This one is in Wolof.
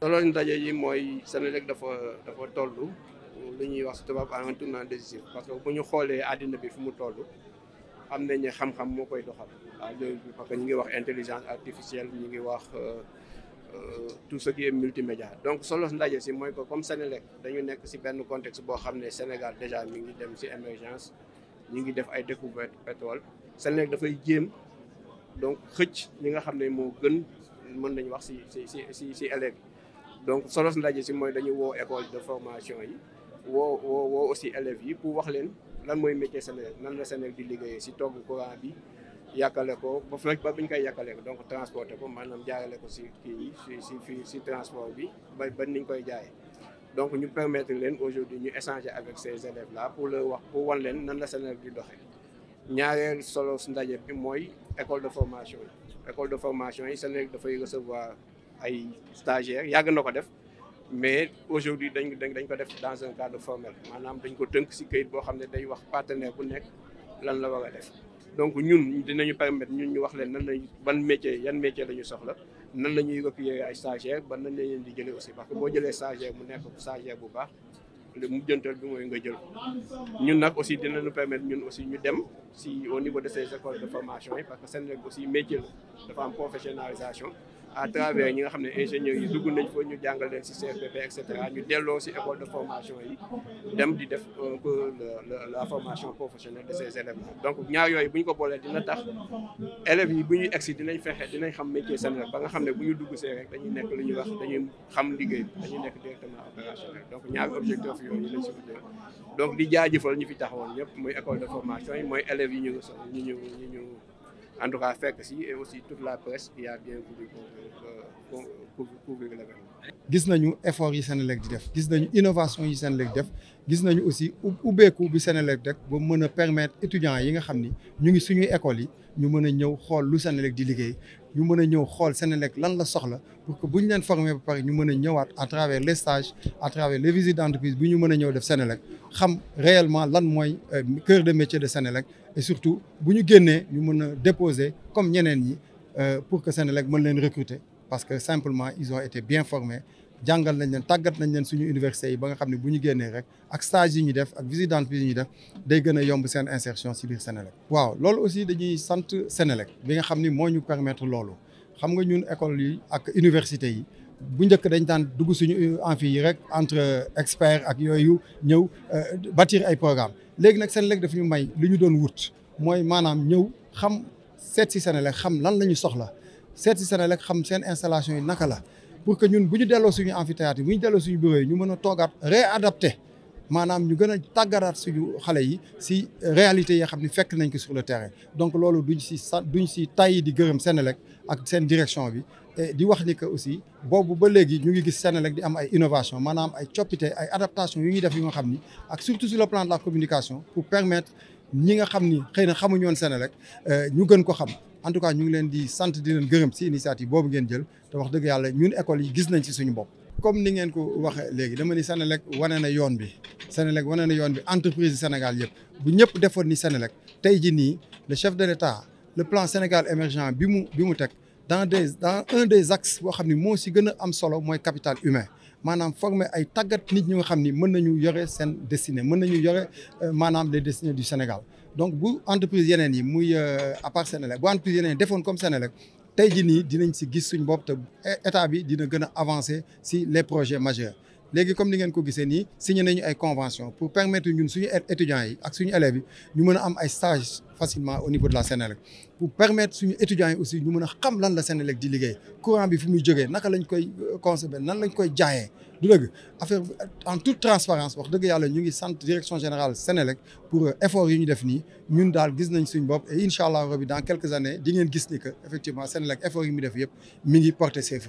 loolu ndaje yi mooy Senelec dafa dafa toll li ñuy wax si tubaab à un tournant décisif parce que bu ñu xoolee àddina bi fi mu toll am na ñu xam-xam moo koy doxal ah parce que ñu ngi wax intelligence artificielle ñu ngi wax euh, euh, tout ce qui est multimédia donc solo ndaje si mooy ko comme Senelec dañu nekk si benn contexte boo xam ne Sénégal déjà mi ngi dem si émergence ñu ngi def ay découverte pétrole Senelec dafay jéem donc xëcc ñi nga xam ne moo gën mën nañu wax si si si si si élèves donc solos ndaje si mooy dañu woo école de formation yi woo woo aussi élèves yi pour wax leen lan mooy métier Senelec nan la Senelec di liggéeyee si togg courant bi yàkkale ko ba fekk ba buñ koy yàkkale ko donc transporté ko maanaam jaarale ko si kii yi si si si transport bi ba ba niñ koy jaaye donc ñu permettre leen aujourd'hui ñu échanger avec ces élèves là pour leur wax pour wan leen nan la seen élève di doxee ñaareel solo su ndaje bi mooy école de formation yi école de formation yi seen élève dafay recevoir ay stagiaires yàgg na ko def mais aujourd'hui dañ dañ dañ ko def dans un cadre formel maanaam dañ ko tënk si kayit boo xam ne day wax partenaire bu nekk lan la war def donc ñun dinañu permettre ñun ñu wax leen nan lañ ban métier yan métier la soxla nan la ñuy recruter ay stagiaires ba nan la leen di jëlee aussi parce que boo jëlee stagiaire mu nekk stagiaire bu baax le mu jëntal bi mooy nga jël ñun nag aussi dinañu permettre ñu aussi ñu dem si au niveau de ces écoles de formation yi parce que seen rek aussi métier la dafa am professionnalisation à travers ñi nga xam ne ingénieurs yi dugg nañ fa ñu jàngal leen si CFPP et ñu delloo si école de formation yi dem di def la formation professionnelle de donc ñaar yooyu bu ñu ko boolee dina tax élèves yi bu ñuy egsi dinañ fexe dinañ xam métier seen rek ba nga xam ne bu ñu dugg see rek dañuy nekk lu ñuy wax dañuy xam liggéey bi dañuy nekk directement opérationnel donc ñaari objectif yooyu lañ si donc di jaajëfal ñu fi taxawoon ñëpp muy école de formation yi mooy élèves yi ñu ñu ñu ñu en tout cas fekk si et aussi tout la presse qui a bien voulu gis nañu effort yi Senelec di def gis nañu innovation yi Senelec def gis nañu aussi ubbeeku bi Senelec def ba mën a permettre étudiants yi nga xam ni ñu ngi suñuy école yi ñu mën a ñëw xool lu Senelec di liggéey ñu mën a ñëw xool Senelec lan la soxla pour que bu ñu leen former ba pare ñu mën a ñëwaat à travers les stages à travers les visites d'entreprise bu ñu mën a ñëw def Senelec xam réellement lan mooy euh, cœur de métier de Senelec et surtout bu ñu génnee ñu mën a déposer comme ñeneen ñi euh, pour que Senelec mën leen recruter parce que simplement ils ont été bien formés jàngal nañ leen tàggat nañ leen suñu université yi ba nga xam ne bu ñu génnee rek ak stage yi ñu def ak visite d'entreprise yi ñu def day gën a yomb seen insertion si biir Sénélec. waaw loolu aussi dañuy sant Sénélec bi nga xam ni moo ñu permettre loolu xam nga ñun école ak université yi bu njëkk dañ daan dugg suñu amphi rek entre experts ak yooyu ñëw euh, bâtir ay programme léegi nag Sénélec daf ñu may li ñu doon wut mooy maanaam ñëw xam seet si xam lan la ñu soxla seet xam seen installation yi naka la. pour que ñun bu ñu delloo suñu amphithéâtre yi bu ñu delloo suñu bureau ñu mën a toogaat adapté maanaam ñu gën a tàggaraat suñu xale yi si réalité yi xam ne fekk nañ ko sur le terrain donc loolu duñ si sa duñ si tàyyi di gërëm Senelec ak seen direction bi et di wax ni que aussi boobu ba léegi ñu ngi gis Senelec di am ay innovation maanaam ay coppite ay adaptation yu ñuy def yu nga xam ni ak surtout sur la plan de la communication pour permettre ñi nga xam ni xëy na xamuñu woon Senelec euh, ñu gën ko xam en tout cas ñu ngi leen di sant di leen gërëm si initiative boobu ngeen jël te wax dëgg yàlla ñun école yi gis nañ si suñu bopp. comme ni ngeen ko waxee léegi dama ni Senelec wane na yoon bi Senelec wane na yoon bi entreprise Sénégal yëpp bu ñëpp defoon ni Senelec tey jii nii le chef de l'État le plan Sénégal émergent bi mu bi mu teg dans des dans un des axes boo xam ni moo si gën a am solo mooy capital humain. maanaam former ay tàggat nit ñu nga xam ni mën nañu yore seen destinée mën nañu yore euh, maanaam les destinées du Sénégal donc bu entreprise yeneen yi muy euh, à part Senelec bu entreprise yeneen yi defoon comme Senelec tey jii nii dinañ si gis suñ bopp te état bi dina gën a avancer si les projets majeurs léegi comme ni ngeen ko gisee nii si nañu ay convention pour permettre ñun suñu étudiants yi ak suñu élèves yi ñu mën a am ay stage facilement au niveau de la Sénélec pour permettre suñu étudiants yi aussi ñu mën a xam lan la Sénélec di liggéey courant bi fu muy jógee naka lañ koy euh, consommer nan lañ koy jaayee du dëgg affaire euh, en toute transparence wax dëgg yàlla ñu ngi sant direction générale Sénélec pour euh, effort yi ñu def nii ñun daal gis nañ suñ bopp et incha allah rabi dans quelques années ngeen gis ni que effectivement Sénélec effort yi mu def ngi porter ses